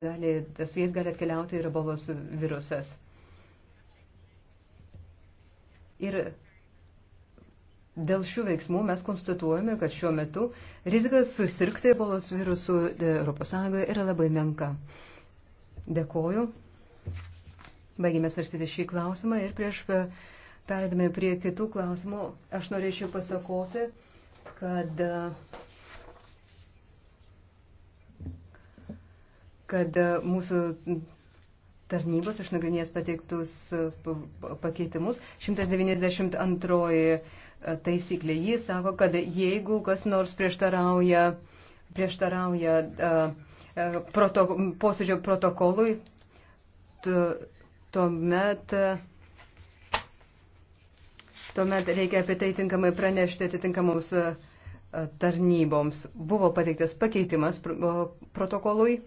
gali, su jais gali atkeliauti ir bolos virusas. Ir dėl šių veiksmų mes konstatuojame, kad šiuo metu rizika susirgti bolos virusų ES yra labai menka. Dėkoju. Baigėme svarstyti šį klausimą ir prieš perėdami prie kitų klausimų aš norėčiau pasakoti, kad kad e, mūsų tarnybos išnagrinės pateiktus e, pakeitimus. 192 e, taisyklė. Ji sako, kad jeigu kas nors prieštarauja, prieštarauja proto, posėdžio protokolui, tuomet. Tuomet reikia apie tai tinkamai pranešti atitinkamoms tarnyboms. Buvo pateiktas pakeitimas protokolui.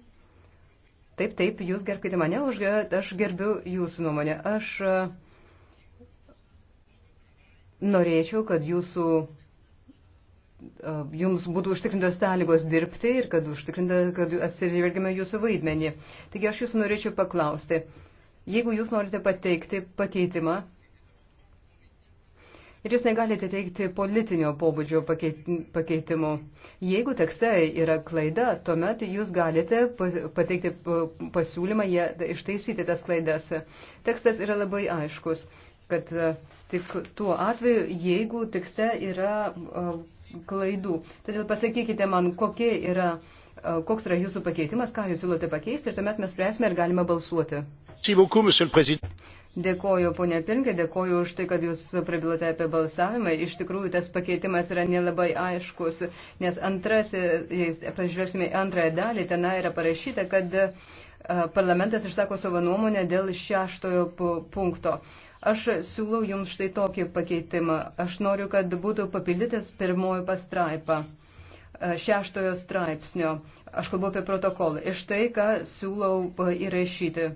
Taip, taip, jūs gerbkite mane, už, aš gerbiu jūsų nuomonę. Aš e, norėčiau, kad jūsų, e, jums būtų užtikrintos sąlygos dirbti ir kad, kad atsižvelgime jūsų vaidmenį. Taigi aš jūsų norėčiau paklausti, jeigu jūs norite pateikti pakeitimą, ir jūs negalite teikti politinio pobūdžio pakeitimų. Jeigu tekste yra klaida, tuomet jūs galite pateikti pasiūlymą ją ištaisyti tas klaidas. Tekstas yra labai aiškus, kad e, tik tuo atveju, jeigu tekste yra e, klaidų. Todėl pasakykite man, kokie yra. E, koks yra jūsų pakeitimas, ką jūs siūlote pakeisti ir tuomet mes spręsime, ar galime balsuoti. Merci beaucoup, monsieur le président. Dėkoju, ponė Pirinkė, dėkoju už tai, kad jūs prabilote apie balsavimą. Iš tikrųjų, tas pakeitimas yra nelabai aiškus, nes antrasis, pažvelgsime į antrąją dalį, ten yra parašyta, kad parlamentas išsako savo nuomonę dėl šeštojo punkto. Aš siūlau jums štai tokį pakeitimą. Aš noriu, kad būtų papildytas pirmoji pastraipa šeštojo straipsnio. Aš kalbu apie protokolą. Iš tai, ką siūlau įrašyti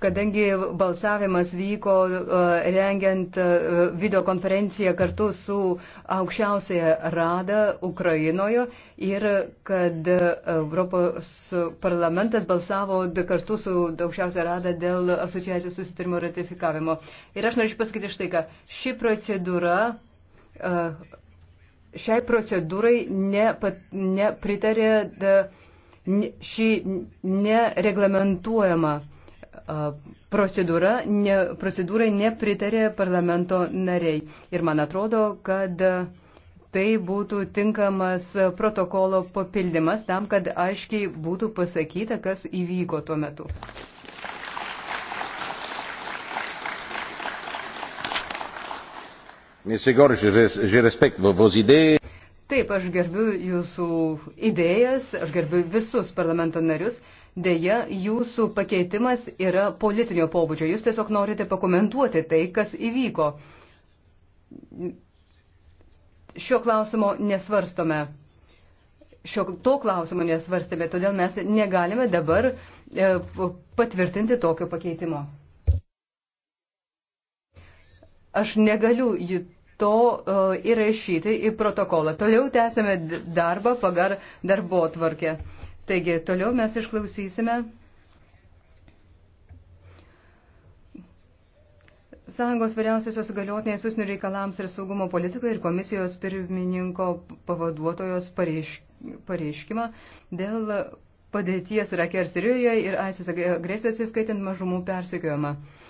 Kadangi balsavimas vyko e, rengiant e, videokonferenciją kartu su aukščiausiaja rada Ukrainoje ir kad Europos parlamentas balsavo kartu su aukščiausiaja rada dėl asociacijos susitarimo ratifikavimo. Ir aš norėčiau pasakyti štai ką. Ši procedūra. E, šiai procedūrai nepritarė. Ne šį nereglamentuojamą procedūrą, ne, procedūrai nepritarė parlamento nariai. Ir man atrodo, kad tai būtų tinkamas protokolo papildymas tam, kad aiškiai būtų pasakyta, kas įvyko tuo metu. Monsieur Gorge, je respecte vos idées. Taip, aš gerbiu jūsų idėjas, aš gerbiu visus parlamento narius. Deja, jūsų pakeitimas yra politinio pobūdžio. Jūs tiesiog norite pakomentuoti tai, kas įvyko. Šio klausimo nesvarstome. Šio to klausimo nesvarstėme, todėl mes negalime dabar e, patvirtinti tokio pakeitimo. Aš negaliu jų to e, įrašyti į protokolą. Toliau tęsime darbą pagal darbo tvarkę. Taigi, toliau mes išklausysime Sąjungos vyriausiosios galiotinės užsienio reikalams ir saugumo politikai ir komisijos pirmininko pavaduotojos pareiš, pareiškimą dėl padėties Irake ir Sirijoje ir ISIS agresijos įskaitant mažumų persekiojimą.